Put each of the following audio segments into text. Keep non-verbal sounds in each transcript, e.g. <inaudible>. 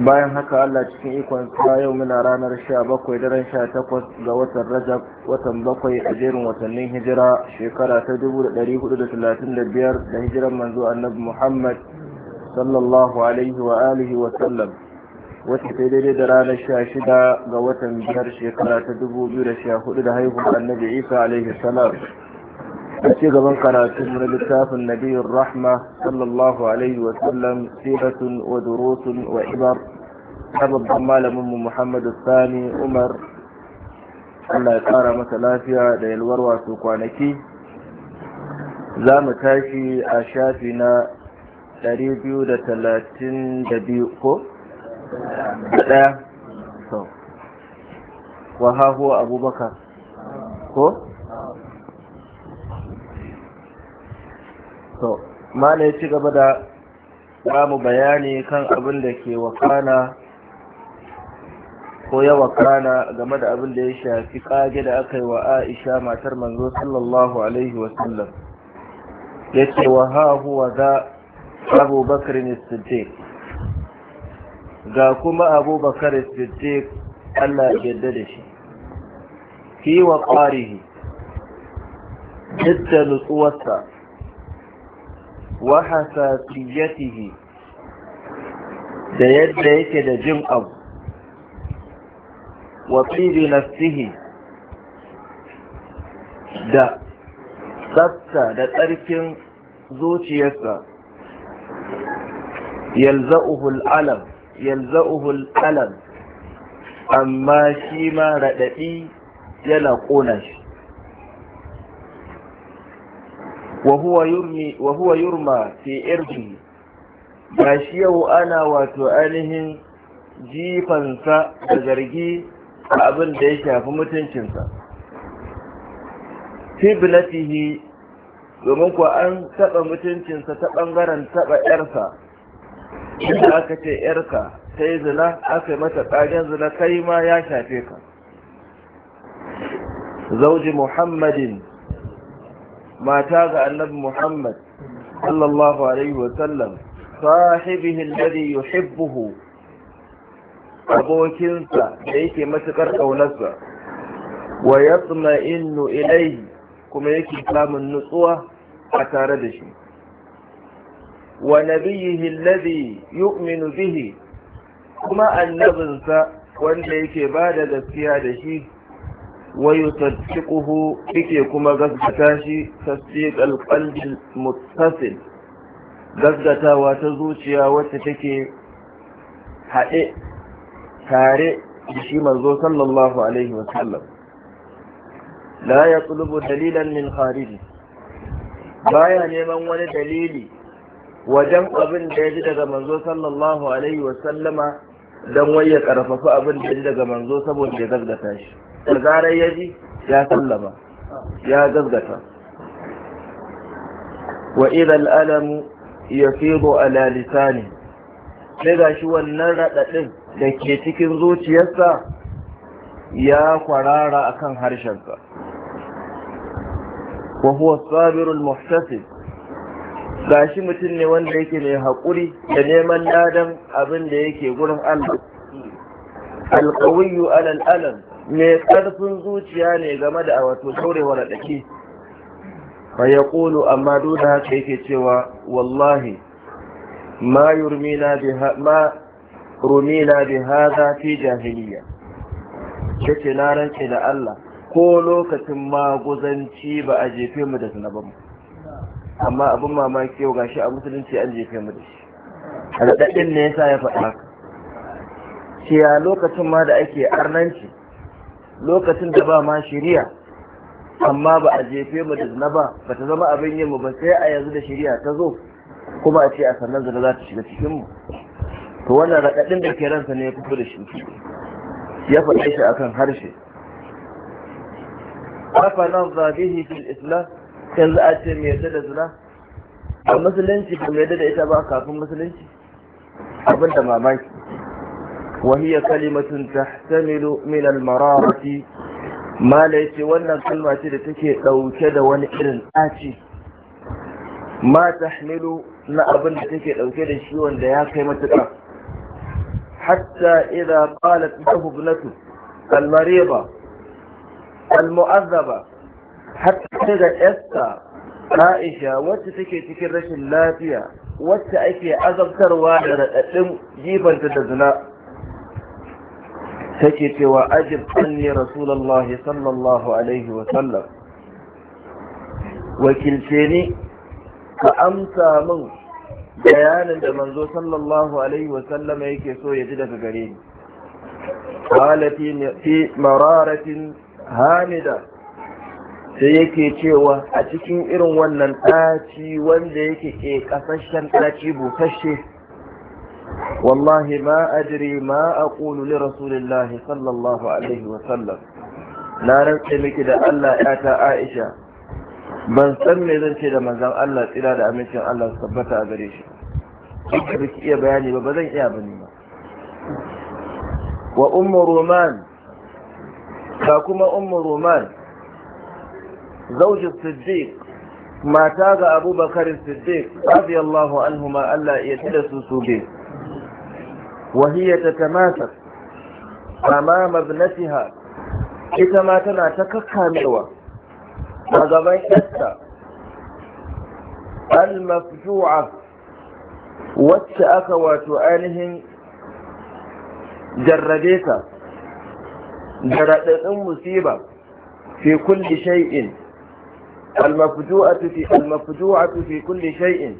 bayan haka Allah cikin ikon sa yau muna ranar 17 daren 18 ga watan Rajab watan bakwai a jerin watannin hijira shekara ta 1435 da hijiran manzo Annabi Muhammad sallallahu alaihi wa alihi wa sallam wacce ta daidai da ranar 16 ga watan biyar shekara ta 2014 da haihuwar Annabi Isa alaihi salam ci gaban karatu na littafin nabiyar rahma sallallahu alaihi sallam siratun wa durusun wa ibar ta malamin mu muhammadu sani umar allah ya kara masa lafiya da yalwar wasu kwanaki za mu tashi a shafi na 232 ko? ɗaya wa hahu abubakar ko? to ma ne ci gaba da bamu bayani kan abin da ke wakana ko ya wakana game da abin da ya shafi kage da aka yi wa aisha matar manzo sallallahu alaihi wasallam ya ce wa ha huwa za abubakar siddiq ga kuma abubakar siddiq allah ya yarda da shi fi wa ƙarihi duk da nutsuwarsa wa hasasiyatihi da yadda yake da jin abu wa na nafsihi da tsafta da tsarkin zuciyarsa yalza'uhul alam yalza'uhul alam amma shi ma raɗaɗi yana ƙona shi wa huwa yurmi wa yurma fi yau ana wato ainihin jifansa da zargi abin da ya shafi mutuncinsa fi bilatihi domin kuwa an taɓa mutuncinsa ta ɓangaren taɓa ƴarsa inda aka ce ƴarka ta yi zina aka yi mata ƙagen zina kai ma ya shafe ka zauji muhammadin mata ga annabi Muhammad sallallahu alaihi wa sallam sahibihi alladhi yuhibbuhu abokinsa da yake matukar kaunarsa wa yatma'innu ilayhi kuma yake samun nutsuwa a tare da shi wa nabiyihi alladhi yu'minu bihi kuma annabinsa wanda yake ba da gaskiya da shi ويصدقه إكي كما غزتاشي تصديق القلب المتصل غزتا وتزوشيا وتتكي حقيق تارئ بشي منذو صلى الله عليه وسلم لا يطلب دليلا من خارجه بايا neman ولا دليلي وجمع ابن da ya ji daga manzo sallallahu don wai ya karfafa abin da daga manzo saboda ya gazgata shi da zarar ya ji ya sallama ya gazgata wa idan alamu ya fido ala lisani sai ga shi wannan raɗaɗin da ke cikin zuciyarsa ya kwarara akan harshensa wa huwa sabirul muhtasib gashi mutum ne wanda yake mai haƙuri da neman ladan abin da yake gurin Allah alƙawiyyu alal alam mai ƙarfin zuciya ne game da a wato saurewar ɗaki fa ya ƙulu amma duk da haka yake cewa wallahi ma yurmina rumina bi haza fi jahiliya yace na rance da Allah ko lokacin maguzanci ba a jefe mu da zanaban amma abin mamaki yau gashi a musulunci an jefe mu da shi raɗaɗin ne yasa ya faɗa haka Ya lokacin ma da ake arnanci lokacin da ba ma shiriya amma ba a jefe mu da zina ba ba ta zama abin yin mu ba sai a yanzu da shiriya ta zo kuma a ce a sannan zina za ta shiga cikin mu to wannan raɗaɗin da ke ransa ne ya fito da shi ya faɗa shi akan harshe nan zabihi fil islam Yanzu a ce me yarda da zina A musulunci ba mai yadda da ita ba kafin musulunci. Abin da mamaki. Wani iya kalima tuntabta, Milu milamina rawa ce. Malami ce, wannan kalma da ta ke ɗauke da wani irin ɗaci. Mata, Milu, na abin da ta ke ɗauke da shi wanda ya kai matuka. Hatta idan Malam ta hufnatu, almareba. Almu'aza ba. har ga Esther Aisha wacce take cikin rashin lafiya wacce ake azabtarwa da raɗaɗin jifanta da zina take cewa ajib anni rasulullah sallallahu alaihi wa sallam wakilce ni ka amsa min bayanin da manzo sallallahu alaihi wa sallam yake so ya ji daga gare ni قالت في مرارة هامدة sai yake cewa a cikin irin wannan ɗaci wanda yake ke ƙasashen ɗaci busashe wallahi ma adri ma a li rasulillahi sallallahu alaihi wasallam na rantse miki da Allah ta Aisha ban san me zan ce da manzon Allah tsira da amincin Allah su tabbata a gare shi duk da biki iya bayani ba ba zan iya bane ba wa ummu ruman ka kuma ummu ruman زوج الصديق ما تاب أبو بكر الصديق رضي الله عنهما ألا يتلسس به وهي تتماسك أمام ابنتها كما تنا تككها ميوة المفجوعة واتأك وتؤالهم جرديك جرد المصيبة في كل شيء المفجوعة في المفجوعة في كل شيء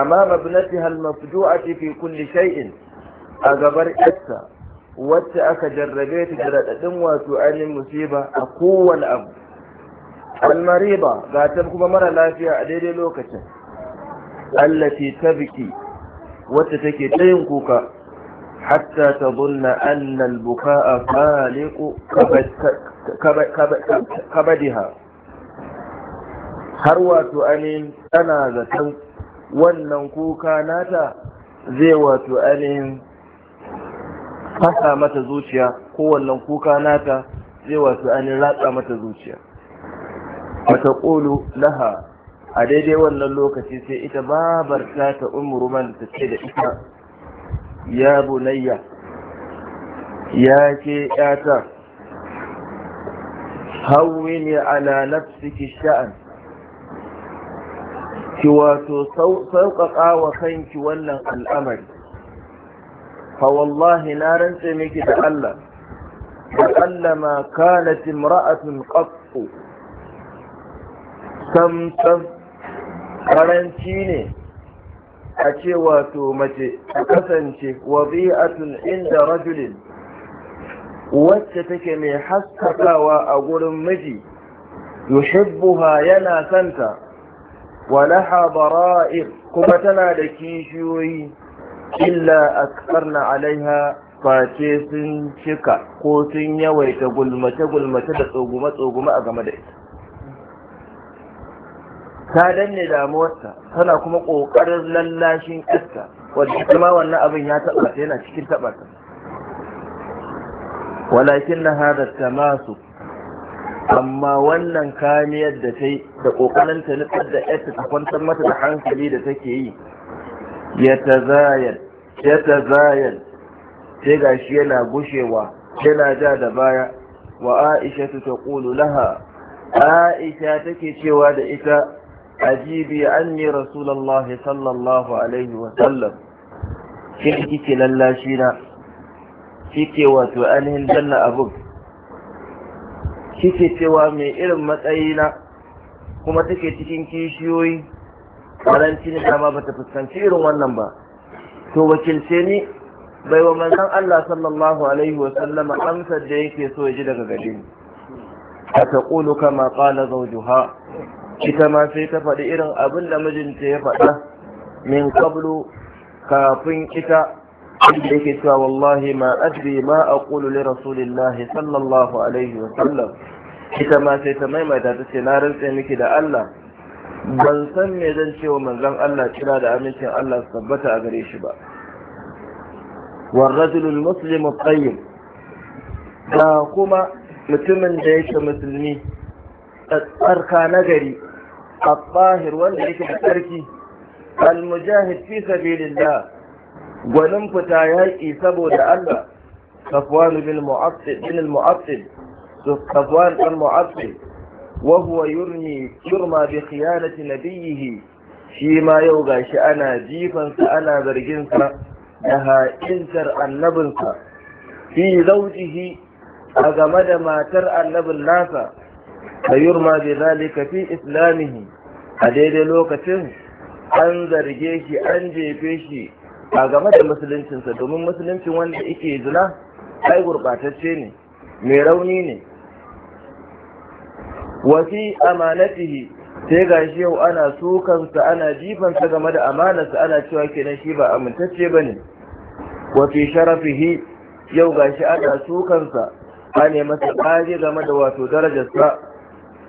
أمام ابنتها المفجوعة في كل شيء أجبر أتى wacce aka jarrabe ta da raɗaɗin wato ainihin musiba a kowane abu almariba ga ta kuma mara lafiya a daidai lokacin allati ta biki wacce take ta yin kuka hatta ta zunna annal buka'a faliku kabadiha har wato ainihin tana zaton wannan kuka nata zai wato ainihin fasa mata zuciya ko wannan kuka nata zai wato ainihin ratsa mata zuciya mata ƙolo laha a daidai wannan lokaci sai ita babar ta ta man ta ce da ita ya bunayya ya ke yata hawwini ala nafsiki sha'an ki wato sauƙaƙa wa kanki wannan al'amari fa wallahi na rantse miki da Allah da Allah ma kanat imra'atun qattu sam karanci ne a ce wato mace ta kasance wabi'atun inda rajulin wacce take mai haskakawa a gurin miji yuhibbuha yana santa wa bara'ir kuma tana da kishiyoyi illa akfarna alaiha face sun cika ko sun yawaita gulmace-gulmace da tsogume-tsogume a game da ita ta danne damuwarta tana kuma ƙoƙarin lallashin iska wadda kuma wannan abin ya taɓa ta yana cikin taɓa ta walakin na hada tamasu amma wannan kamiyar da ta yi da ƙoƙarin ta nufar da yarta ta kwantar mata da hankali da take yi ya ta zayan ya ta zayan sai ga shi yana gushewa yana ja da baya wa aisha ta ƙulu laha aisha take cewa da ita ajibi anni rasulullahi sallallahu alaihi wa sallam kike lallashi na kike wato ainihin danna abu kike cewa mai irin matsayi na kuma take cikin kishiyoyi karanci ne dama bata fuskanci irin wannan ba to wakilce ni bai wa manzon Allah sallallahu alaihi wa sallama amsar da yake so ya ji daga gare ni a taqulu kama qala zawjuha ita ma sai ta faɗi irin abin da mijinta ya faɗa min qablu kafin ita yake cewa wallahi ma adri ma aqulu li rasulillahi sallallahu alaihi wa sallam ita ma sai ta maimaita ta ce na rantse miki da Allah ban san me zan ce wa manzon Allah kira da amincin Allah su tabbata a gare shi ba والرجل المسلم الطيب da kuma mutumin da yake musulmi tsarka nagari Abahir, tsahir wanda yake da tsarki al-mujahid fi sabilillah gwanin fita yaƙi saboda Allah Safwan bin Mu'attil bin Mu'attil Safwan bin Mu'attil wa huwa yurmi yurma bi khiyanati nabiyhi shi ma yau gashi ana jifansa ana zargin sa da ha'intar annabinsa fi zawjihi a game da matar annabin nasa yurma bi zalika fi islamihi a daidai lokacin an zarge shi an jefe shi a game da musuluncinsa domin musuluncin wanda yake zina ai gurɓatacce ne mai rauni ne wasi amanatihi sai ga shi yau ana sukansa ana jifansa game da amanarsa ana cewa kenan shi ba amintacce ba ne wafi sharafihi yau ga shi ana sukansa ne masa ƙage game da wato darajarsa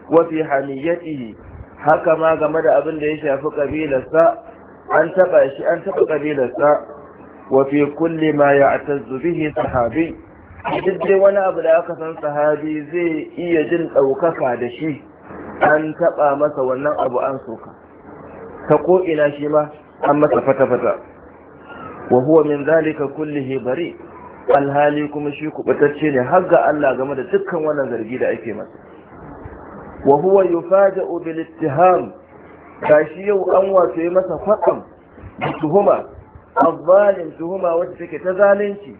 wafi hamiyyatihi haka ma game da abin da ya shafi ƙabilarsa an taba shi an taba kabilarsa wa fi kulli ma ya'tazzu bihi sahabi duk dai wani abu da aka san sahabi zai iya jin ɗaukaka da shi an taba masa wannan abu an soka ta ko ina shi ma an masa fata-fata wa huwa min zalika kullihi bari alhali kuma shi kubatacce ne har ga Allah game da dukkan wannan zargi da ake masa wa huwa yufaja'u bil ittiham kashi yau an wato masa faɗin tuhuma azzalim tuhuma wacce take ta zalunci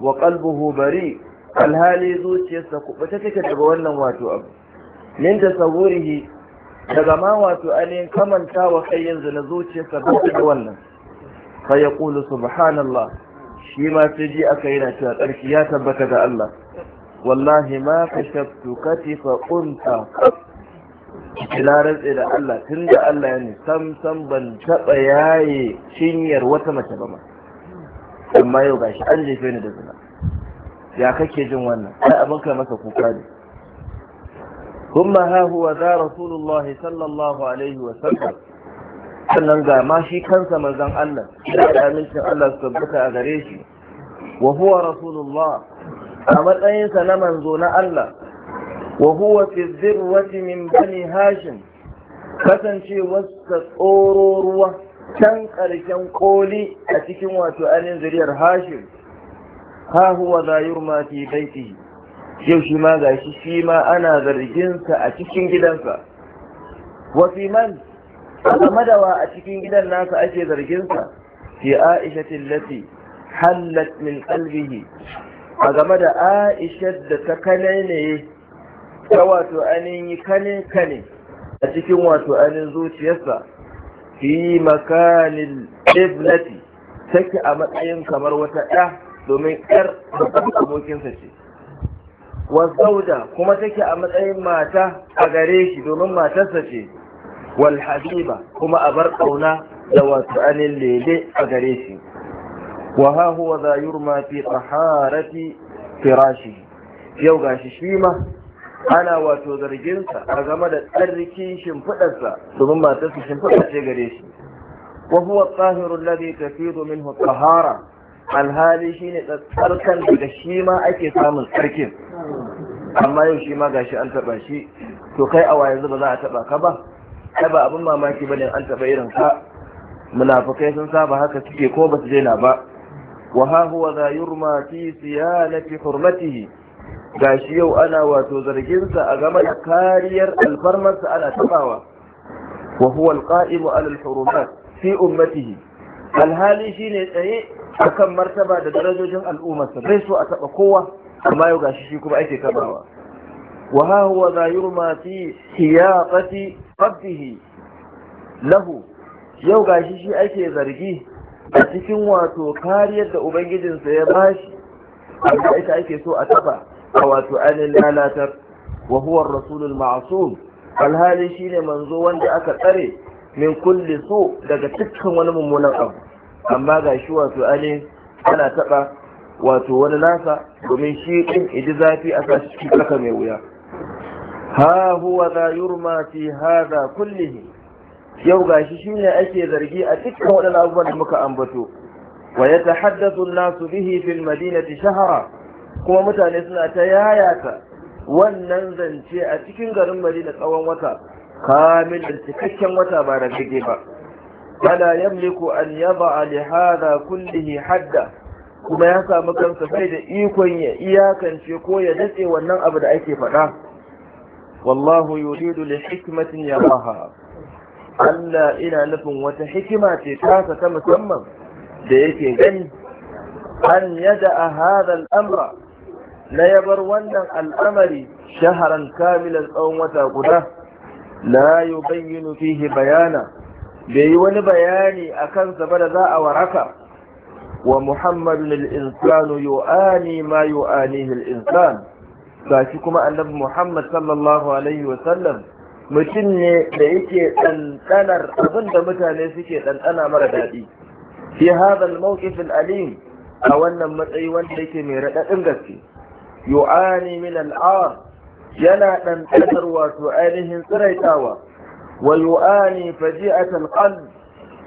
wa kalbuhu bari alhali zuciyarsa ta take daga wannan wato abu min saburihi daga ma wato ainihin kamanta wa kai yanzu na zuciyarsa ba ta wannan fa yaqulu subhanallah shi ma sai ji aka na cewa tsarki ya tabbata ga Allah wallahi ma katifa unta ina da Allah tun da Allah ya ne sam ban taɓa yaye cinyar wata mace ba ma amma yau gashi an jefe ni da zina ya kake jin wannan ai abin kai masa kuka ne kuma ha huwa za rasulullahi sallallahu alaihi wa sallam sannan ga ma shi kansa manzon Allah da amincin Allah su tabbata a gare shi wa huwa rasulullah a matsayinsa na manzo na Allah Wahuwa huwa fi bani hashim kasancewarsa tsoro ruwa can ƙarshen koli a cikin wato ainihin zuriyar hashim ha huwa za yurma fi baitihi yau shi gashi shi ma ana zarginsa a cikin gidansa wa fi man madawa a cikin gidan nasa ake zarginsa fi aisha tillati hallat min qalbihi a game da aisha da ta kanene ta wato anin yi kane kane a cikin wato anin zuciyarsa fi makanin ibnati take a matsayin kamar wata ɗa domin ƴar abokinsa ce wasauda kuma take a matsayin mata a gare shi domin matarsa ce wal habiba kuma a bar ƙauna da wato anin lele a gare shi wa ha huwa za yurma fi firashi yau gashi shi ma ana wato zarginsa a game da tsarki shimfiɗarsa domin matarsa shimfiɗa ce gare shi wa huwa tsahirun ladhi tafidu minhu tahara alhali shine tsarkan daga shi ma ake samun tsarkin amma yau shi ma gashi an taba shi to kai a waye ba za a taba ka ba kai ba abin mamaki bane an taba irin ka munafukai sun saba haka suke ko ba su daina ba wa ha huwa za yurma fi siyanati hurmatihi gashi yau ana wato zarginsa a game da kariyar alfarmarsa ana tabawa wa huwa alqa'imu ala alhurumat fi ummatihi alhali shine tsaye akan martaba da darajojin al'ummarsa bai so a taba kowa amma yau gashi shi kuma ake tabawa wa ha huwa zahiru ma fi hiyaqati qabdihi lahu yau gashi shi ake zargi a cikin wato kariyar da ubangijinsa ya bashi amma ita ake so a taba wato ainihin lalatar wa huwa rasulul ma'asum alhali shine manzo wanda aka tsare min kulli su daga cikin wani mummunan abu amma ga shi wato ainihin ana taɓa wato wani nasa domin shi ɗin iji zafi a sashi cikin tsaka mai wuya ha huwa za yurma fi hada kullihi yau gashi shine ake zargi a cikin waɗannan abubuwan da muka ambato wa yatahaddathu an-nasu bihi fil madinati shahara kuma mutane suna ta yayata wannan zance a cikin garin madina tsawon wata kamil cikakken wata ba da gage ba fala yamliku an yaba li hadha kullihi hadda kuma ya samu kansa bai da ikon ya iyakance ko ya datse wannan abu da ake faɗa wallahu yuridu li hikmatin yaraha Allah ina nufin wata hikima ce tasa ta musamman da yake gani an yada a hadha amra na ya bar wannan al'amari shaharan kamilan tsawon wata guda la yubayyinu fihi bayana bai yi wani bayani a kansa ba da za a waraka wa muhammadun al'insanu yu'ani ma yu'anihi al'insan shi kuma annabi muhammad sallallahu alaihi wasallam mutum ne da yake ɗanɗanar abin da mutane suke ɗanɗana mara daɗi fi hadha al-mawqif al-alim a wannan matsayi wanda yake mai raɗaɗin gaske yu'ani min al'ar yana ɗanɗanar wato ainihin tsiraitawa wa yu'ani faji'atal qalb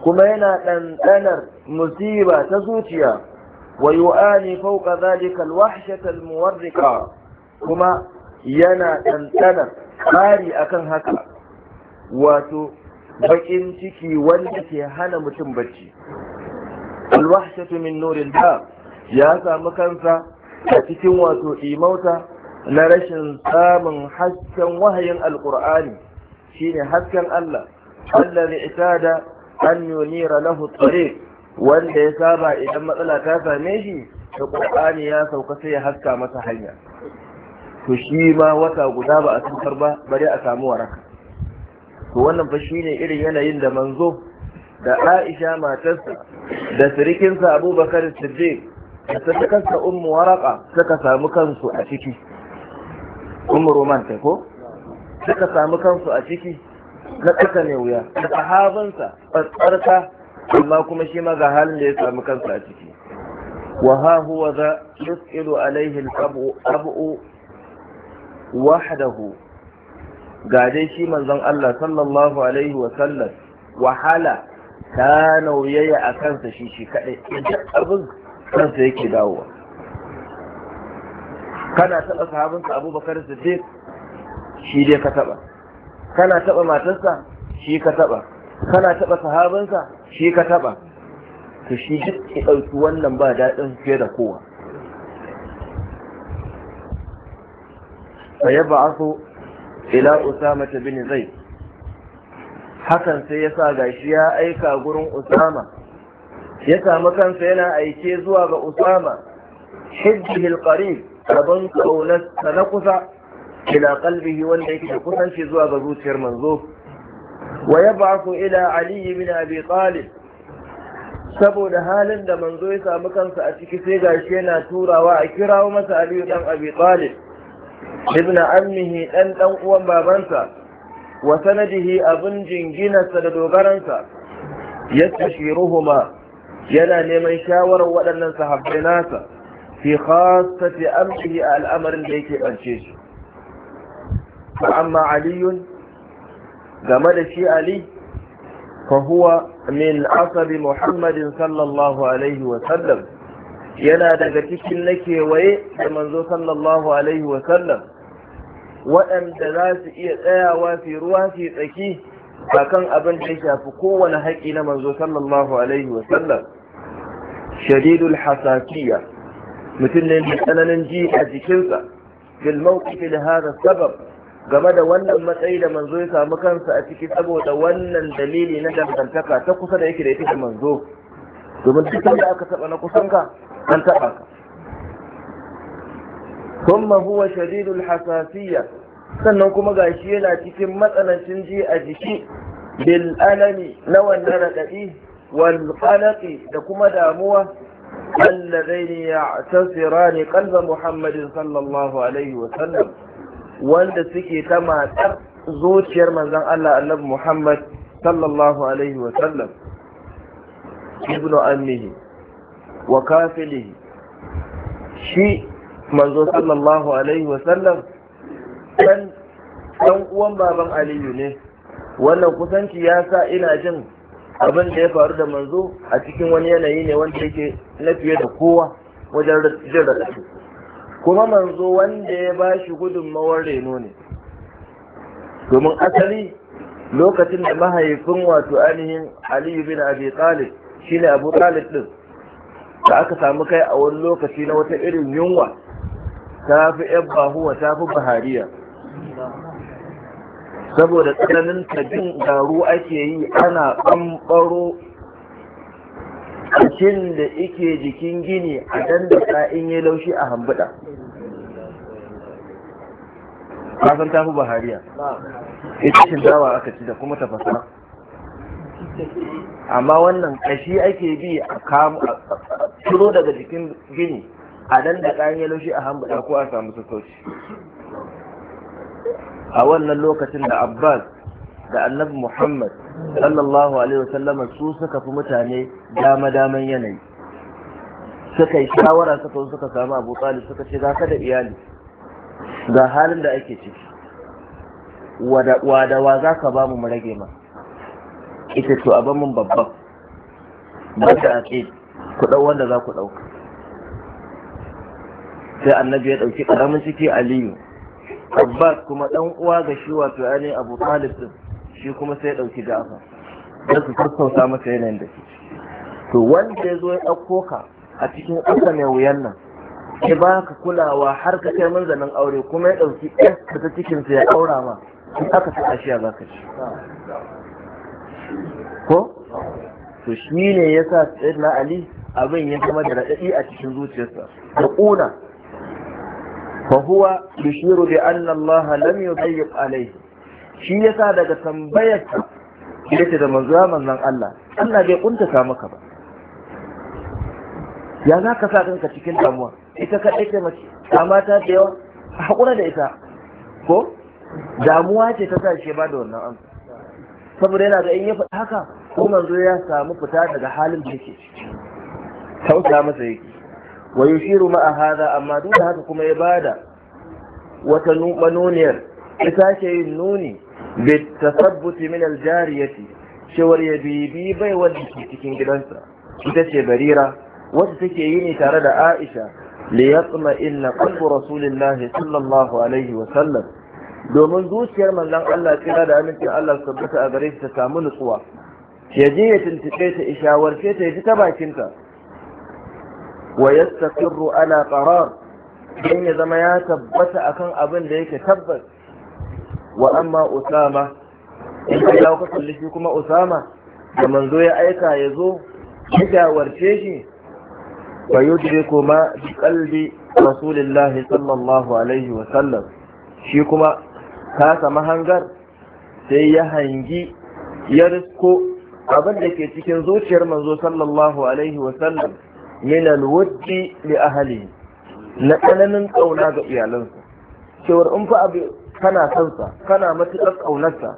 kuma yana ɗanɗanar musiba ta zuciya wa yu'ani fawqa dhalika al-wahshata al-muwarriqa kuma yana ɗanɗanar ƙari akan haka wato baƙin ciki wanda ke hana mutum bacci al-wahshatu min nuril ya samu kansa a cikin wato imauta na rashin samun hasken wahayin alkur'ani shine hasken Allah allazi itada an yunira lahu tariq wanda ya saba idan matsala ta same shi da qur'ani ya sauka sai ya haska masa hanya to shi ma wata guda ba a tsufar ba bari a samu waraka to wannan fa shine irin yanayin da manzo da Aisha matarsa da sirikinsa Abubakar Siddiq da ta kansa ummu waraka suka samu kansu a ciki ummu roman ta ko suka samu kansu a ciki na tsaka ne wuya da sahabansa tsarka amma kuma shi ma ga halin da ya samu kansu a ciki wa ha huwa za yus'ilu alaihi al qabu wahdahu ga dai shi manzon Allah sallallahu alaihi wa sallam wahala ta nauyaya a kansa shi shi kadai duk abin kansa yake dawowa kana taɓa sahabinka abubakar siddiq shi dai ka taɓa kana taɓa matarsa shi ka taɓa kana taɓa sahabinsa shi ka taɓa to shi duk ke ɗauki wannan ba daɗin fiye da kowa fa yab'athu ila usama bin zai. hakan sai ya sa gashi ya aika gurin usama ya samu kansa yana aike zuwa ga usama hijjihil qarib rabon kaunarsa na kusa ila qalbihi wanda yake da kusanci zuwa ga zuciyar manzo wa ku ila Aliyu bin abi talib saboda halin da manzo ya samu kansa a ciki sai gashi yana turawa a kirawo masa aliyu dan abi talib ibn ammihi dan dan uwan babansa wa sanadihi abun jinginarsa da dogaransa yastashiruhuma yana neman shawarar waɗannan sahabbai nasa fi khassati amrihi a al'amarin da yake bance shi amma aliyun game da shi ali fa huwa min asabi muhammadin sallallahu alaihi wa sallam yana daga cikin na kewaye da manzo sallallahu alaihi wa sallam waɗanda za su iya tsayawa fi ruwa fi tsaki akan abin da ya shafi kowane haƙi na manzo sallallahu alaihi wa sallam shadidul hasasiyya mutum ne mai tsananin ji a jikinsa bil mawqifi da hada sabab game da wannan matsayi da manzo ya samu kansa a ciki saboda wannan dalili na dangantaka ta kusa da yake da ita da manzo domin duk da aka taba na kusanka an taba ka ثم huwa shadidul hasasiyya sannan kuma gashi yana cikin matsanancin ji a jiki bil alami na wannan raɗaɗi والقلق لكما داموة اللذين يعتصران قلب محمد صلى الله عليه وسلم وان سكي تما زوج يرمن زن الله النبي محمد صلى الله عليه وسلم ابن أمه وكافله شيء manzo sallallahu alaihi wasallam dan dan uwan baban aliyu ne wannan kusanci ya sa ina jin abin da ya faru da manzo a cikin wani yanayi ne wanda yake na fiye da kowa wajen jin raɗaɗi kuma manzo wanda ya ba shi gudunmawar reno ne domin asali lokacin da mahaifin wato ainihin aliyu bin abi talib shine abu talib ɗin, da aka samu kai a wani lokaci na wata irin yunwa ta fi yabba bahuwa ta fi bahariya saboda tsananin tabin garu ake yi ana ɓamɓaro cikin da ike jikin gini a da in yi laushi a hambuɗa. kasan tafi bahariya ita shindawa aka ci da kuma tafasa amma wannan kashi ake bi a ciro daga jikin gini a dan in yi laushi a hambuɗa ko a samu sassauci a wannan lokacin da abbas da annabi muhammad sallallahu alaihi wasallama su suka fi mutane dama daman yanayi suka yi shawara suka suka samu abu talib suka ce ga ka da iyali ga halin da ake ciki wa za ka ba mu mu rage ma ita to abin mun babban ba ta ake ku ɗau wanda za ku ɗauka sai annabi ya ɗauki ƙaramin ciki aliyu abbas kuma dan uwa ga shi wato ainihin abu talib din shi kuma sai dauki gafa don su sassauta masa yanayin da shi to wanda ya zo ya ɗauko ka a cikin ƙasa mai wuyan nan ya ba ka kulawa har ka kai manzanin aure kuma ya ɗauki ka ta cikinsa ya aura ma in aka ta ashiya za ka ci ko to shi ne ya sa ali abin ya zama da raɗaɗi a cikin zuciyarsa da ƙuna فهو يشير بأن الله لم يضيق عليه shi yasa daga tambayar ta yace da manzo manzon Allah Allah bai kuntata maka ba ya za ka sa kanka cikin damuwa ita ka ɗauke mace amma ta da yawa haƙura da ita ko damuwa ce ta sa shi ba da wannan amsa saboda yana da in ya faɗi haka ko manzo ya samu fita daga halin da yake ciki tausa masa yake wa yushiru ma'a hadha amma duk da haka kuma ya bada wata manoniyar ya sake yin nuni bi tasabbuti min aljariyati cewar ya bibi bai wanda ke cikin gidansa ita ce barira wacce take yi ne tare da aisha li yatma inna qalbu rasulillahi sallallahu alaihi wa sallam domin zuciyar manzon Allah tsira da amincin Allah tabbata a gare shi ta samu nutsuwa ya je ya tuntube ta ishawarce ta yi ji ta bakinta wa yastaqirru ala qarar dan ya zama ya tabbata a kan abin da yake tabbas wa amma usama in ka dawo ka kalli shi kuma usama da manzo ya aika ya zo ya shawarce shi fa yudriku ma bi qalbi sallallahu alaihi wa sallam shi kuma kasa mahangar sai ya hangi ya risko abin da ke cikin zuciyar manzo sallallahu alaihi wa sallam min alwutti li ahli na tsananin kauna ga iyalansa cewar in fa abu kana sansa kana matuƙar ƙaunarsa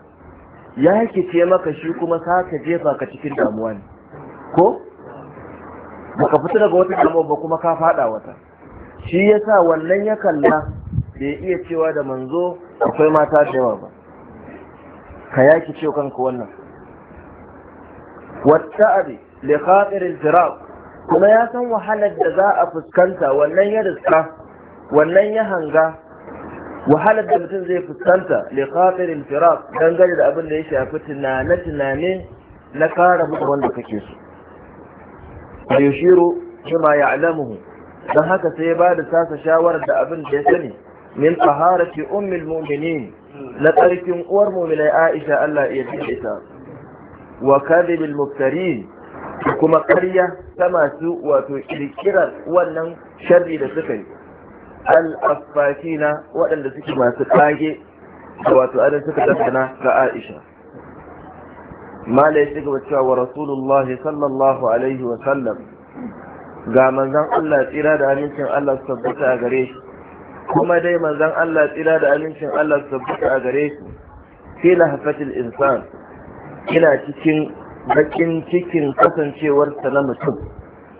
ya ce maka shi kuma ka jefa ka cikin damuwa ne ko baka fita daga wata damuwa ba kuma ka fada wata shi yasa wannan ya kalla bai iya cewa da manzo akwai mata da yawa ba ka yaki ce kanka wannan wata abi li kuma ya san wahalar da za a fuskanta wannan ya riska wannan ya hanga wahalar da mutum zai fuskanta li khatirin firaq dangane da abin da ya shafi tunane tunane na kara muku wanda kake so fa yushiru bima ya'lamuhu dan haka sai ya bada sasa shawarar da abin da ya sani min taharati ummil mu'minin na tsarkin uwar mu'minai Aisha Allah ya tsare ta wa kadhibil muftarin kuma ƙarya ta masu wato ƙirƙirar wannan sharri da suka yi al'afafina waɗanda suke masu kage da wato adan suka dangana ga aisha mala ya ci gaba cewa wa rasulullah sallallahu alaihi wa sallam ga manzon Allah tsira da amincin Allah su tabbata a gare shi kuma dai manzon Allah tsira da amincin Allah su tabbata a gare shi fi lahafatil insan ina cikin bakin cikin kasancewarsa na mutum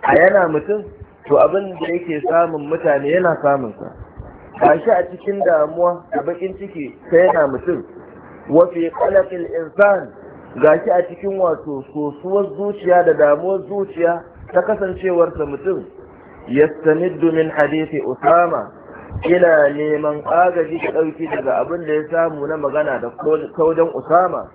a yana mutum to abin da yake samun mutane yana samun samunsa ba shi a cikin damuwa da bakin ciki ta yana mutum wafi kalafin insan shi a cikin wato sosuwar zuciya da damuwar zuciya ta kasancewarsa mutum yastaniddu min hadithi usama ina neman agaji da ɗauki daga abin da ya samu na magana da kaudan usama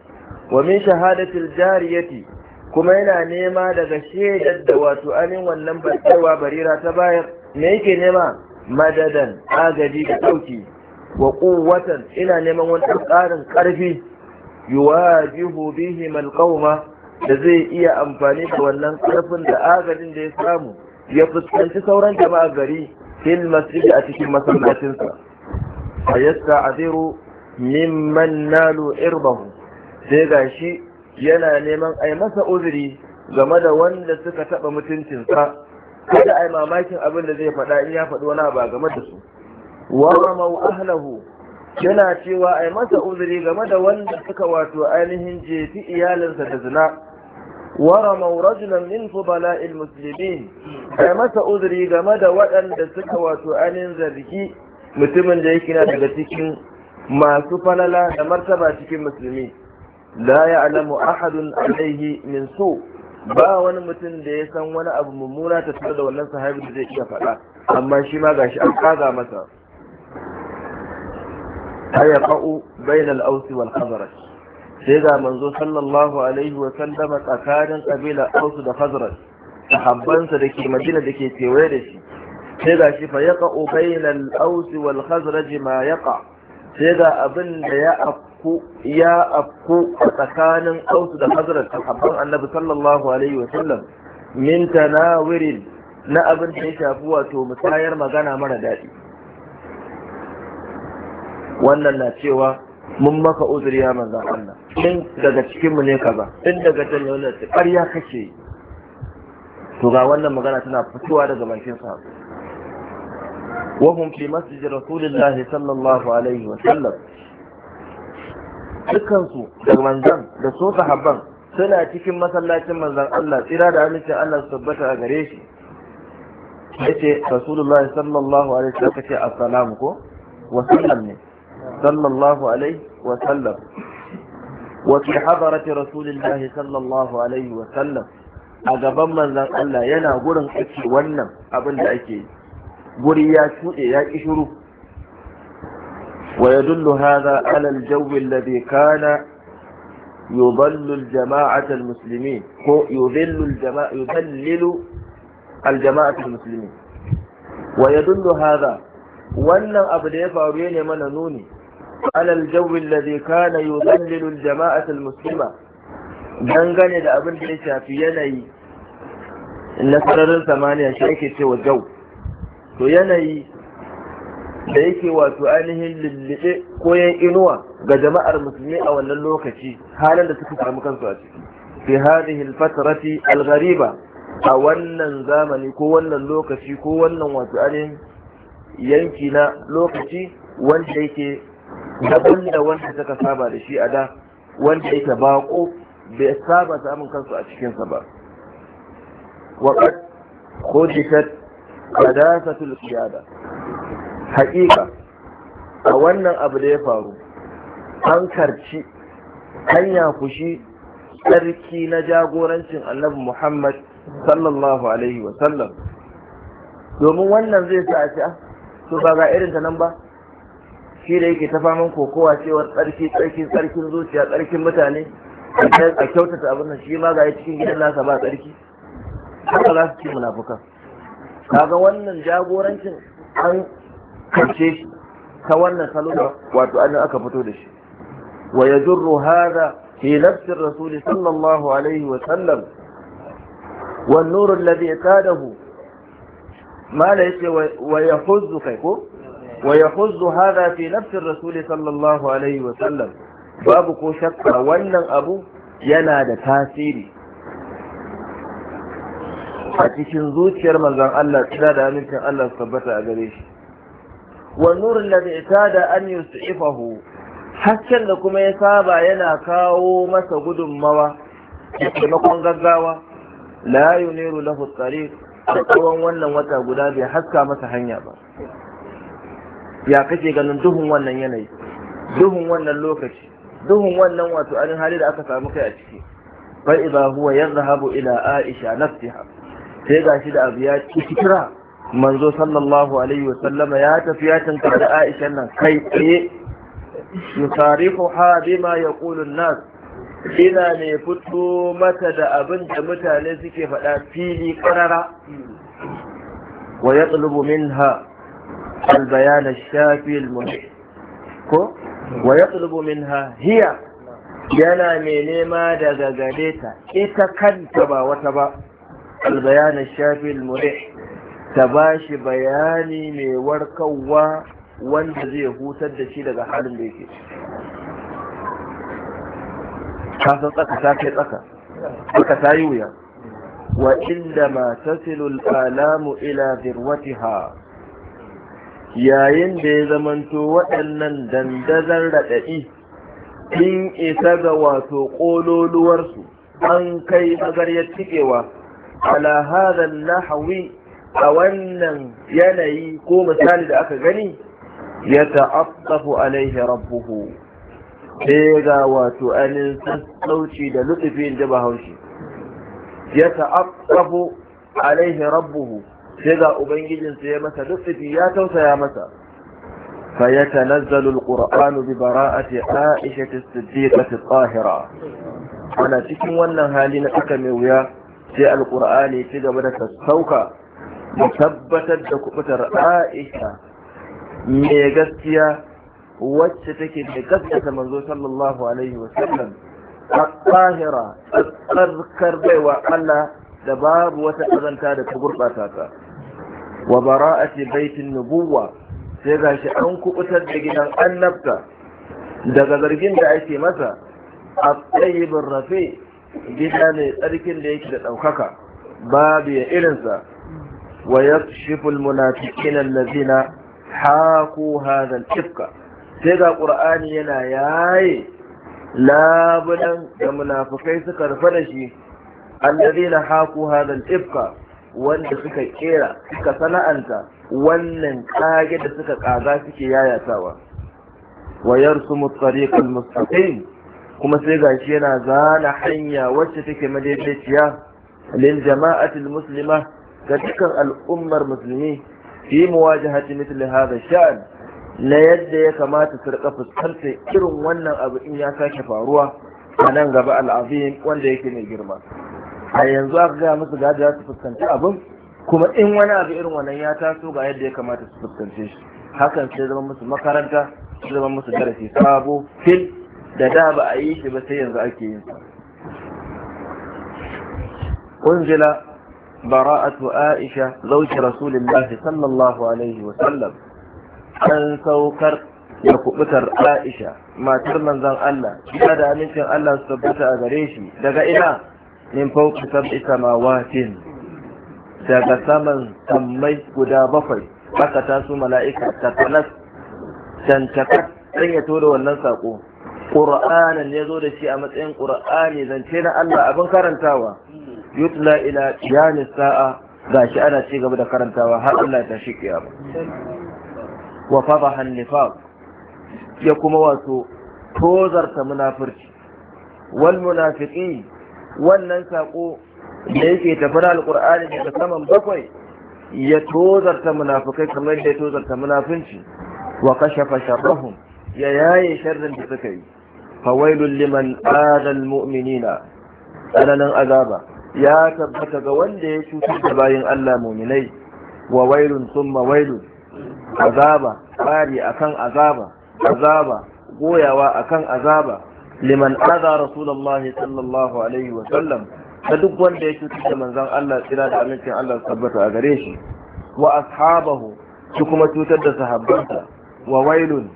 wa min shahadatil jariyati kuma yana nema daga shaidar da wato anin wannan barkewa barira ta bayar me yake nema madadan agaji da ɗauki wa ƙuwatan ina neman wani ƙarin karfi yuwajihu bihi qauma da zai iya amfani da wannan ƙarfin da agajin da ya samu ya fuskanci sauran jama'a gari fil masjid a cikin masallacinsa fa yasta'ziru mimman nalu irbahu sai gashi yana neman yi masa uzuri game da wanda suka taɓa mutuncinsa kada yi mamakin abin da zai faɗa in ya faɗi wani ba game da su wa ramau ahlahu yana cewa yi masa uzuri game da wanda suka wato ainihin jefi iyalinsa da zina Wara ramau rajulan min fubala'il a yi masa uzuri game da waɗanda suka wato ainihin zargi mutumin da yake na daga cikin masu falala da martaba cikin musulmi la ya'lamu ahadun alayhi min su ba wani mutum da ya san wani abu mummuna ta tare da wannan sahabi da zai iya faɗa amma shi ma gashi an kaga masa ya qa'u bayna al-aws wal khazraj sai ga manzo sallallahu alaihi wa sallama tsakanin kabila aus da khazraj sahabbansa da ke madina da ke kewaye da shi sai ga shi fa yaqa'u bayna al-aws wal khazraj ma yaqa sai ga abin da ya afku ya afku a tsakanin ausu da hazrat sahabban annabi sallallahu alaihi wa sallam min tanawirin na abin da ya shafi wato musayar magana mara daɗi wannan na cewa mun maka uzuri ya manzan Allah in daga cikinmu ne kaza in daga can ne wannan ƙarya kake to ga wannan magana tana fitowa daga bakin sa Wa hum fi رسول rasulillahi sallallahu alaihi wa sallam dukansu da manzan da so sahabban suna cikin masallacin manzan Allah tsira da amince Allah su tabbata a gare shi ce rasulullah sallallahu alaihi wasallam kace assalamu ko wa sallam ne sallallahu alaihi wa sallam wa fi hadarati rasulillah sallallahu alaihi wa sallam a gaban manzan Allah yana gurin ake wannan abin da ake guri ya shuɗe ya ƙi shuru ويدل هذا على الجو الذي كان يضل الجماعة المسلمين يذل الجماعة يذلل الجماعة المسلمين ويدل هذا wannan abu da ya faru ne mana nuni alal jawin ladhi kana yudallilu al-jama'at al-muslima dangane da abin da ya shafi yanayi na sararin samaniya shi ake cewa jaw to yanayi da yake wato ainihin lullube ko yan inuwa ga jama'ar musulmi a wannan lokaci halin da suka samu kansu a ciki fi hadhihi al-fatrati al-ghariba a wannan zamani ko wannan lokaci ko wannan wato ainihin yanki na lokaci wanda yake daban da wanda suka saba da shi a da wanda yake bako bai saba samun kansu a cikinsa ba وقد خدشت قداسة qiyada haƙiƙa a wannan abu da ya faru an karci hanya kushi tsarki na jagorancin annabi muhammad sallallahu alaihi wasallam domin wannan zai sa a ce ah, to ba ga irin ta nan ba shi da yake ta faman kokowa cewar tsarki tsarki tsarkin zuciya tsarkin mutane a kyautata abin nan shi ma ga cikin gidan nasa ba tsarki haka za su ci munafukan kaga wannan jagorancin an kance shi ta wannan salo da wato an aka fito da shi wa yajurru hada fi nafsi rasul sallallahu alaihi wa sallam wan nur alladhi kadahu mala yace wa yahuzzu kai ko wa yahuzzu hada fi nafsi rasul sallallahu alaihi wa sallam babu ko shakka wannan abu yana da tasiri a cikin zuciyar manzon Allah tsira da amincin Allah su tabbata a gare shi wa nur alladhi itada an yus'ifahu hasken da kuma ya saba yana kawo masa gudunmawa da taimakon gaggawa la yuniru lahu tariq a tsawon wannan wata guda bai haska masa hanya ba ya kake ganin duhun wannan yanayi duhun wannan lokaci duhun wannan wato anin hali da aka samu kai a ciki fa idza huwa yadhhabu ila aisha nafsiha sai gashi da abu ya kira manzo sallallahu alaihi Sallama, ya tafi ya tanka da aisha nan kai tsaye yusarifu ha bima yaqulu nas ina ne fito mata da abin da mutane suke faɗa fili karara wa yatlubu minha ash-shafi al-muhim ko wa yatlubu minha hiya yana mai nema daga gare ta ita kanta ba wata ba ash shafi al muhim ta ba shi bayani mai warkarwa wanda zai hutar da shi daga halin da yake kasan tsaka ta kai tsaka tsaka ta yi wuya wa inda ma tasilul alamu ila ha. yayin da ya zamanto waɗannan dandazan raɗaɗi in isa ga wato ƙololuwarsu an kai magaryar cikewa ala hadha nahwi a wannan yanayi ko misali da aka gani ya ta'attafu alaihi rabbuhu sai ga wato ainihin sassauci da lutufin da bahaushe ya ta'attafu alaihi rabbuhu sai ga ubangijinsa ya masa lutufi ya tausaya masa bi فيتنزل القرآن ببراءة عائشة الصديقة الطاهرة أنا تكون ونها mai أكمل ويا في القرآن gaba da السوكة mu tabbatar da kubutar aisha mai gaskiya wacce take da gaskata manzo sallallahu alaihi wasallam a tsahira tsarkar baiwa Allah da babu wata azanta da ta gurɓata ta wa bara'ati baitin nubuwa sai gashi an kubutar da gidan annabta daga zargin da ake masa a tsayibin rafe gida mai tsarkin da yake da ɗaukaka babu ya irinsa ويكشف المنافقين الذين حاكوا هذا الإفك سيدا قرآن ينا ياي لا بلن المنافقين سكر فرشي الذين حاكوا هذا الإفك wanda suka kera suka sana'anta wannan kage da suka kaza suke yayatawa wa yarsumu tariqal mustaqim kuma sai gashi yana zana hanya wacce take madaidaiciya lil jama'atil muslima ga dukkan al'ummar musulmi fi muwajahati mithli haza sha'an na yadda ya kamata su rika fuskantar irin wannan abu in ya sake faruwa a nan gaba al'azim wanda yake mai girma a yanzu aka gaya musu gaji za su fuskanci abin kuma in wani abu irin wannan ya taso ga yadda ya kamata su fuskance shi hakan sai zama musu makaranta sai zama musu darasi sabo fil da da ba a yi shi ba sai yanzu ake yin sa bara'atu aisha zauki rasulullahi sallallahu alaihi wa sallam an saukar da kubutar aisha matar manzon Allah ina da amincin Allah su tabbata a gare shi daga ina min fauki sab'i samawatin daga saman sammai guda bakwai aka taso mala'ika ta tanas cancakat dan ya tura wannan sako qur'anan ya zo da shi a matsayin ƙur'ani, zance na Allah abin karantawa yutla ila yani sa'a shi ana ci gaba da karantawa har Allah ya tashi kiyama wa fadaha nifaq ya kuma wato tozarta munafirci wal munafiqin wannan sako da yake tafi da alqur'ani daga saman bakwai ya tozarta munafikai kamar da ya tozarta munafinci wa kashafa sharrahum ya yaye sharrin da suka yi fawailul liman adal mu'minina tsananin azaba ya tabbata ga wanda ya cutar da bayin Allah muminai wa wailun summa wailun azaba ƙari akan azaba azaba goyawa akan azaba liman aza rasulullah sallallahu alaihi wa sallam da duk wanda ya cutar da manzon Allah tsira da amincin Allah tabbata a gare shi wa ashabahu shi kuma cutar da sahabbansa wa wailun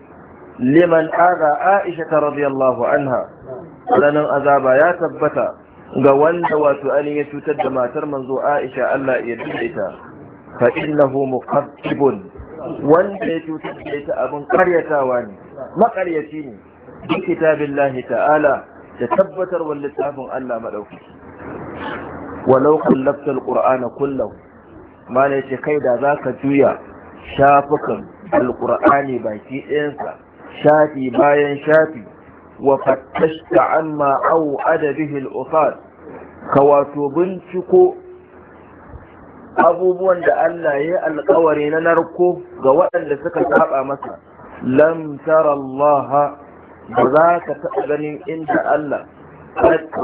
liman aza aisha radiyallahu anha sanan azaba ya tabbata ga wanda wato an ya cutar da matar manzo Aisha Allah ya daidaita fa innahu muqaddibun wanda ya cutar da ita abin karyatawa ne makaryaci ne bi kitabillahi ta'ala da tabbatar wa littafin Allah madauki walau kallafta alqur'ana kullahu mana yace kai da zaka juya shafukan alqur'ani baki ɗayansa shafi bayan shafi وفتشت عما أوعد به الأصال كواتو بنشكو abubuwan da Allah ya alkawari na narko ga waɗanda suka saba masa lam tara ba za ka taɓa ganin inda Allah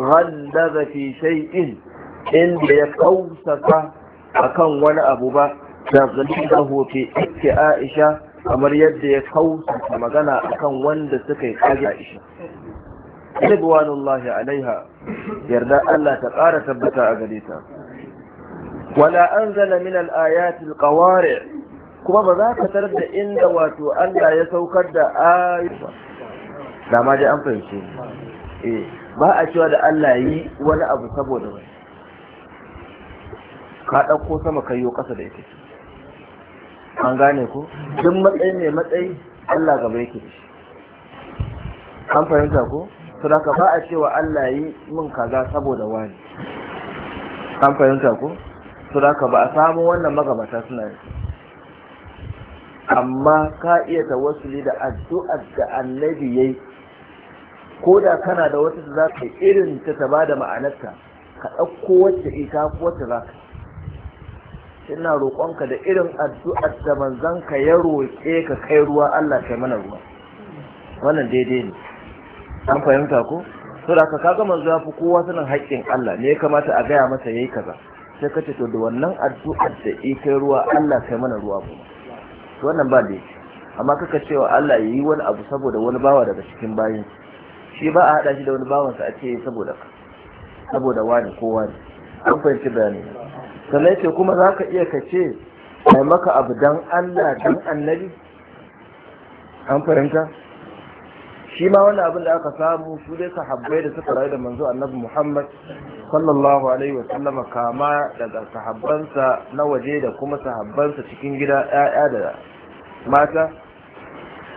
ghallaza fi shay'in inda ya kausasa akan wani abu ba da zalizahu fi Aisha kamar yadda ya kausa magana akan wanda suka yi kaji a isha ridwanullahi alaiha yarda Allah ta ƙara tabbata a gare ta wala anzala min al'ayatul ayati qawari kuma ba za ka tarar da inda wato Allah ya saukar da ayyuka da ma dai an fahimce eh ba a cewa da Allah yi wani abu saboda wani ka ɗauko sama kayo ƙasa da ita an gane ku duk matsayi mai matsayi Allah gaba yake da shi an fahimta ku. to da ba a cewa Allah yi min kaza saboda wani an fahimta ku. to da ba a samu wannan magabata suna yi amma ka iya tawassuli da addu'ar da annabi yayi ko da kana da wata da za ka irin ta ta da ma'anarta ka ɗauko wacce ita ko wacce za ka yi. ina roƙonka da irin addu'ar da manzanka ya roƙe ka kai ruwa Allah kai mana ruwa wannan daidai ne an fahimta ko to da ka kaga manzo ya fi kowa sanin haƙƙin Allah ne ya kamata a gaya masa yayi kaza sai ka ce to da wannan addu'ar da i kai ruwa Allah kai mana ruwa kuma wannan ba daidai amma kaka cewa Allah yayi wani abu saboda wani bawa daga cikin bayin shi ba a hada shi da wani bawansa a ce saboda saboda wani ko ne? an fahimci bayani sannan ce kuma za ka iya kace ce maka abu dan Allah dan annabi an fahimta shi ma wani abin da aka samu su dai sahabbai da suka rayu da manzo annabi Muhammad sallallahu alaihi wa kama daga sahabbansa na waje da kuma sahabbansa cikin gida yaya da mata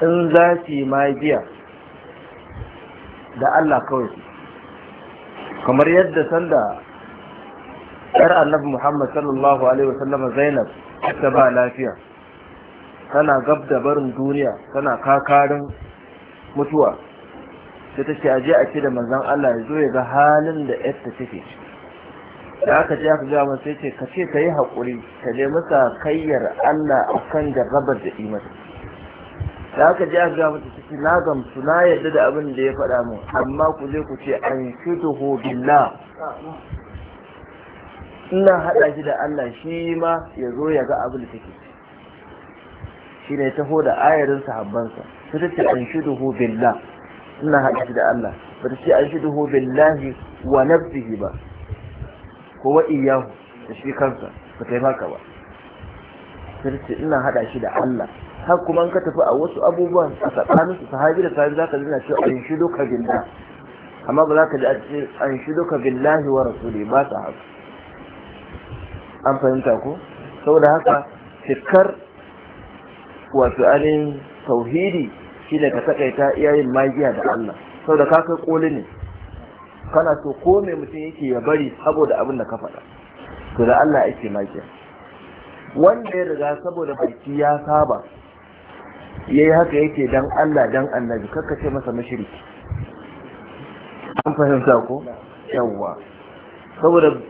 in za su yi biya da Allah kawai kamar yadda sanda yar annabi muhammad sallallahu alaihi wasallama zainab ta ba lafiya tana gab da barin duniya tana kakarin mutuwa sai ta ce a je ce da manzon Allah ya zo ya ga halin da ta take da aka je aka gaya sai ce ka ce ka yi haƙuri ka je masa kayyar Allah kan jarrabar da mata. da aka je aka gaya mata ce na gamsu na yarda da abin da ya faɗa min amma ku je ku ce an shuduhu billah ina haɗa shi da Allah shi ma ya zo ya ga abin da take shi ne taho da ayarin sahabbansa su ta ce an hu billah ina haɗa shi da Allah ba ta ce an hu billahi wa nafsihi ba ko wa iyahu da shi kansa ba ta yi haka ba su ta ce ina haɗa shi da Allah har kuma ka tafi a wasu abubuwan a tsakanin su sahabi da sahabi zaka zina cewa an ka billah amma ba za ka ji a ce an shiduka billahi wa rasuli ba ta haka an fahimta ko saboda haka cikar wato ainihin tauhidi shi ne ka takaita iyayen magiya da Allah saboda ka kai koli ne kana so ko mai mutum yake ya bari saboda abin da ka faɗa to da Allah yake magiya wanda ya riga saboda baki ya saba ya yi haka yake dan Allah dan annabi kakka ce masa mashiriki an fahimta ko yawwa saboda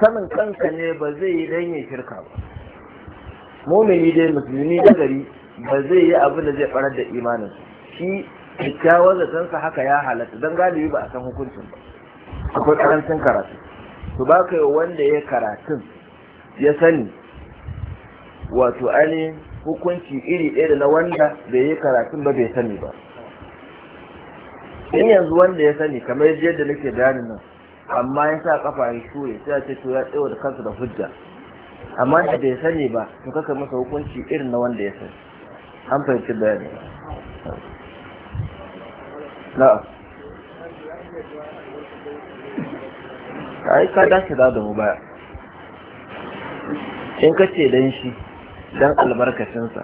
sanin kanka ne ba zai yi dan ya shirka ba mumini dai musulmi da gari ba zai yi abin da zai farar da imanin shi kyakkyawar zatonsa haka ya halatta don galibi ba a san hukuncin ba akwai karancin karatu to ba ka yi wanda ya karatun ya sani wato ainihin hukunci iri ɗaya da na wanda bai yi karatun ba bai sani ba in yanzu wanda ya sani kamar yadda nake bayanin nan amma ya sa kafa ya shure sai ya ce to ya tsawo da kansa da hujja amma da bai sani ba to kaka masa hukunci irin na wanda ya sani an fahimci bayani na'am ai ka dace da mu baya in ka ce dan shi dan albarkacinsa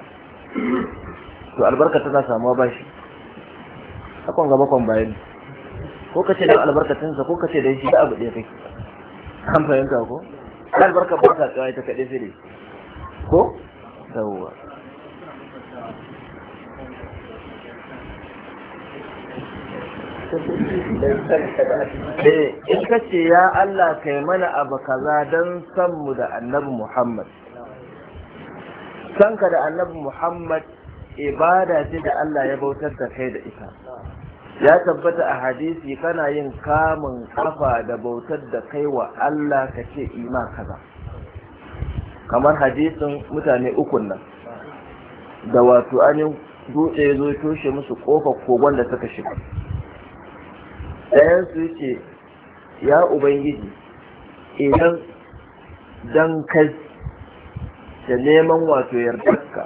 to albarka tana samuwa ba shi hakon gaba kwan bayani ko ka ce don albarkacinsa ko ka ce don shi da abu ɗaya kai an fahimta ko ta albarkar ba ta tsawai ta kaɗe sai ko yawwa eh, in ka ce ya Allah kai mana abu kaza don san mu da annabi Muhammad sanka da annabi Muhammad ibada ce da Allah ya bautar da kai da ita ya tabbata a hadisi kana yin kamun kafa da bautar da kai wa Allah ka ce ima kaza kamar hadisin mutane ukun nan da wato anin dutse ya zo toshe musu kofar kogon da suka shiga ɗayan su ce ya ubangiji idan dan kai da neman wato yardarka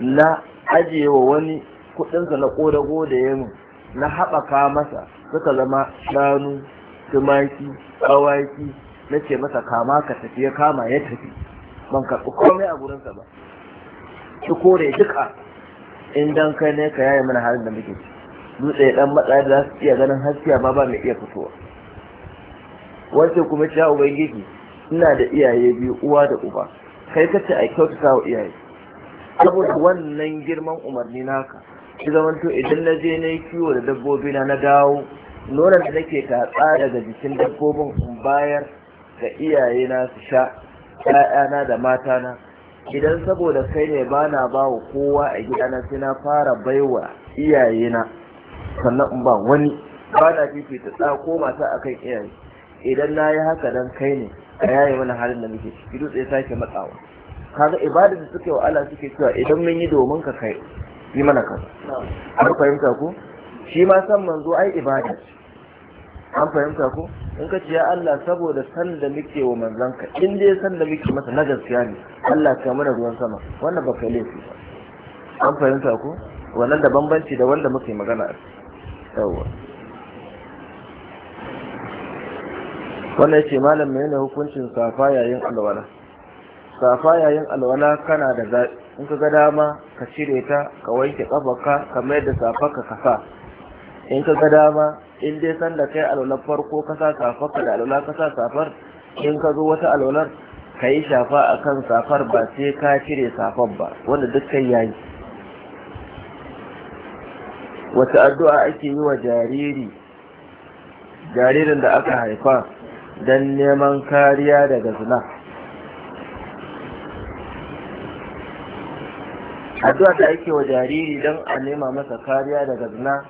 na ajiye wa wani kudinsa na ƙodago da yamin na haɓaka masa suka zama shanu tumaki awaki na ce masa kama ka tafi ya kama ya tafi ban karɓi komai a gurinsa ba ki kore duka in dan kai ne ka yaye mana halin da muke ci dutse dan matsa da za su iya ganin haskiya ma ba mai iya fitowa wace kuma ta ubangiji ina da iyaye biyu uwa da uba kai kace a kyautata wa iyaye saboda wannan girman umarni naka ya zamanto idan na je na yi kiwo da dabbobi na na dawo nonon da nake tatsa daga jikin dabbobin in bayar ga iyaye na su sha ‘ya'yana da matana idan saboda kai ne ba na ba wa kowa a gidana sai na fara baiwa iyaye na sannan in ba wani ba na fifita tsa ko mata a kan iyaye idan na yi haka dan kai ne a yayi mana halin da muke ciki dutse sake matsawa kaga ibadar da suke wa Allah suke cewa idan mun yi domin ka kai yi mana kaza an fahimta ko shi ma san manzo ai ibada an fahimta ko in ka ce ya Allah saboda san da muke wa manzon ka in dai san da muke masa na gaskiya ne Allah ka mana ruwan sama wannan ba kai laifi ba an fahimta ko wannan da bambanci da wanda muke magana yawa wannan ce malam ne hukuncin safa yayin alwala safa yayin alwala kana da zaɓi in ka ga dama ka cire ta ka wanke kafarka ka mayar da safarka ka sa in ka ga dama in dai san da kai alwalar farko ka sa safarka da alwala ka sa safar in ka zo wata alwalar ka yi shafa a kan safar ba sai ka cire safar ba wanda duk kai yi. wata addu'a ake yi wa jariri jaririn da aka haifa don neman kariya daga zina addu'a da ake wa jariri don a nema masa kariya daga zina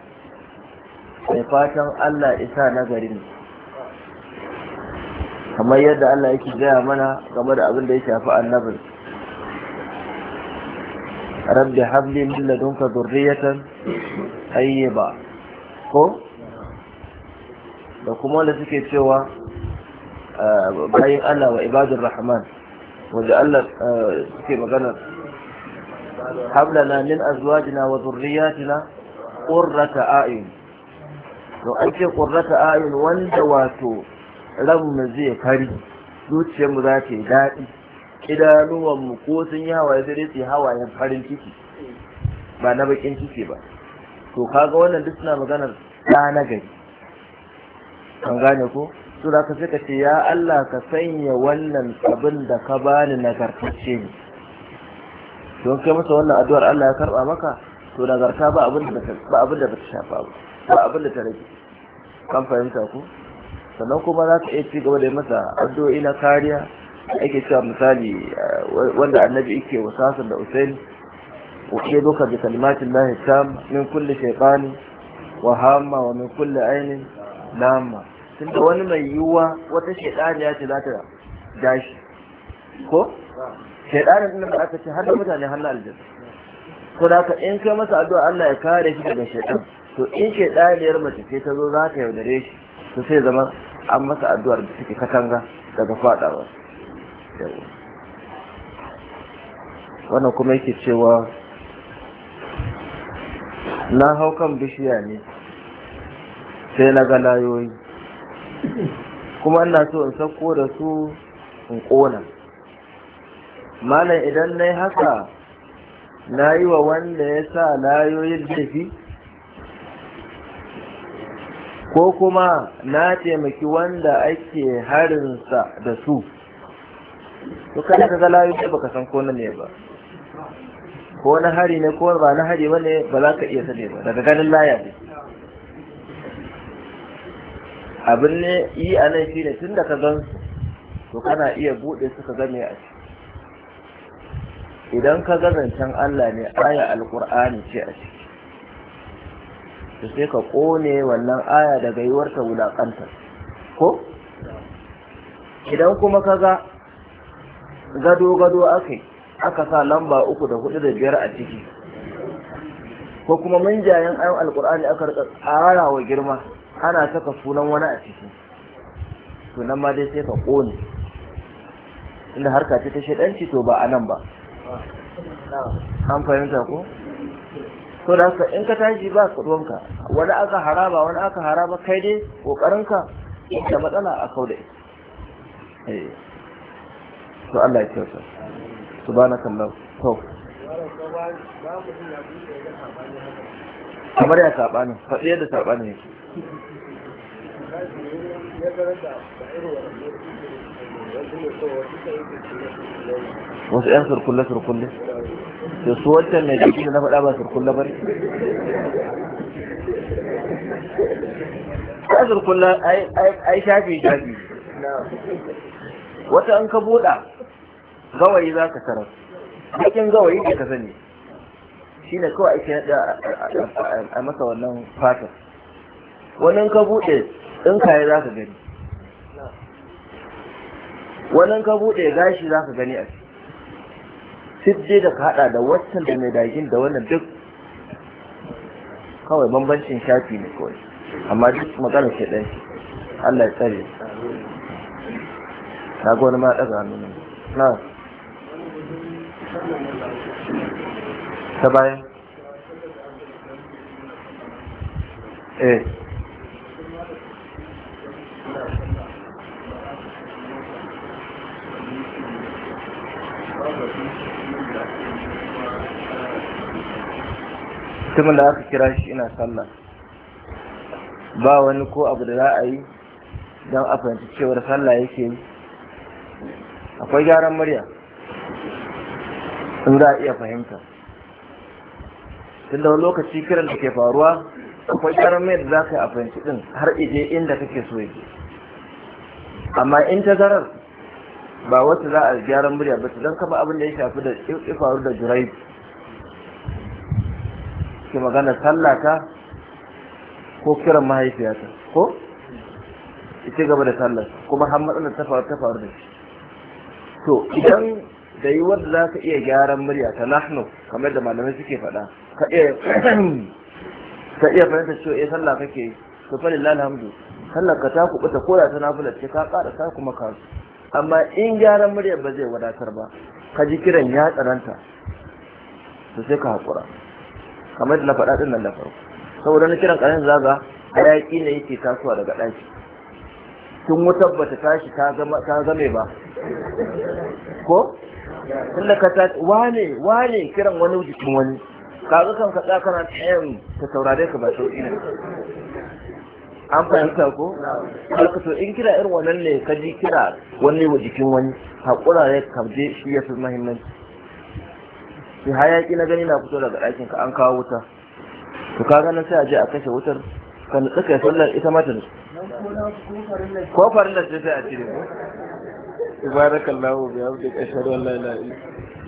mai fatan Allah isa na gari ne kamar yadda Allah yake gaya mana game da abin da ya shafi annabin rabbi habli min ladunka zurriyatan tayyiba ko da kuma wanda suke cewa eh, bayan Allah wa ibadur rahman wanda Allah eh, suke magana na هب لنا من أزواجنا وذرياتنا قرة أعين وأنت قرة أعين وانت واتو لم زي zai kari zuciyarmu za ta yi daɗi idanuwan ko sun yi hawaye sai dai yi hawayen farin ciki ba na bakin ciki ba to kaga wannan duk suna maganar ɗa na gari an gane ko to za ka sai ka ce ya Allah ka sanya wannan abin da ka bani nagartacce ne don kai masa wannan addu'ar Allah ya karba maka to nagarta ba abin da ba abin da ta shafa ba ba abin da ta rage kan fahimta ku sannan kuma za ka iya ci gaba da masa addu'o'i na kariya ake cewa misali eh, wanda annabi yake wa da usain uke doka bi kalimatin lahi tam min kulli shaytani wa hamma wa min kulli ainin lamma tunda wani mai yiwuwa wata shaytaniya ce za ta dashi ko shaidanin nan da aka ce har da mutane har na aljanna ko da ka in kai masa addu'a Allah ya kare shi daga shaidan to in shaidaniyar mace ce ta zo za ta yaudare shi to sai zama an masa addu'ar da suke katanga daga fadawa wannan kuma yake cewa na hau kan bishiya ne sai na ga layoyi kuma ina so in sauko da su in ƙona malam idan na haka na yi wa wanda ya sa layoyin laifi ko kuma na taimaki wanda ake harinsa da su to kada ka ga layoyin baka san ko ne ba ko na hari ne ko ba na hari ba ne ba za ka iya sane ba daga ganin laya ne abin ne yi a nan shi ne tun da ka gan su to kana iya buɗe suka zame a ciki idan ka ga zancen Allah ne aya alkur'ani ce a ciki to sai ka kone wannan aya daga yiwarta wulaƙanta ko idan kuma ka ga gado-gado aka aka sa lamba uku da hudu da biyar a ciki ko kuma munjayen ayon alkur'ani aka rika wa girma ana saka sunan wani a ciki sunan ma dai sai ka kone inda harka ce ta shaɗanci to ba a nan ba an fahimta ko ko da haka in ka tashi ba ka ruwanka wani aka haraba wani aka haraba kai dai kokarinka da matsala a kau da ita eh. to Allah ya kyauta subhanaka Allah to kamar ya ne, faɗi yadda ne yake wasu yan surkulle surkulle da su wancan mai jiki da na faɗa ba surkulle ba ne ya surkulle ai shafi shafi wata an ka buɗa gawayi za ka tarar cikin gawayi da ka sani shi ne kawai ake naɗa a masa wannan fatar wannan ka buɗe ɗinkaye za ka gani wannan ka buɗe gashi za ka gani a dai da ka haɗa da waccan da mai dagin da wannan duk kawai bambancin shafi ne kawai amma duk magana ce ɗan Allah ya tsare na ga wani ma ɗaga hannu na ta bayan eh mutumin da aka kira shi ina sallah ba wani ko abu da za a yi don a fahimci cewar sallah yake yi akwai gyaran murya sun za a iya fahimta tunda wani lokaci kiran da ke faruwa akwai gyaran murya da za ka yi a fahimci din har ije inda kake so yake amma in ta zarar ba wata za a gyaran murya ba don kama abin da ya shafi da faru da jirai. ake magana sallata ko kiran mahaifiyata ko ita gaba da sallar kuma har matsalar ta faru ta faru da shi to idan da yi wanda za ka iya gyaran murya ta nahnu kamar da malamai suke faɗa ka iya <clears throat> ka iya fahimta cewa eh sallah kake to fa lillahi alhamdu sallar ka ta kuɓa ko da ta nafila ce ka ƙara ta kuma ka amma in gyaran murya ba zai wadatar ba ka ji kiran ya tsananta to sai ka haƙura kamar da na faɗa ɗin nan da farko saboda na kiran ƙarin zaga hayaƙi ne yake tasowa daga ɗaki tun wutar ba ta tashi ta zame ba ko tun da ka ta wane wane kiran wani jikin wani ka ga kanka tsaya kana tsayin ka saurare ka ba sauki ne an fahimta ko alka to in kira irin wannan ne ka ji kira wani jikin wani haƙura ne ka je shi ya fi muhimmanci shi hayaki na gani na fito daga ɗakin ka an kawo wuta to ka ganin sai a je a kashe wutar ka nutsu kai sallar ita mata ne ko farin da sai a cire ba barakallahu bihamdika ashhadu an la ilaha illa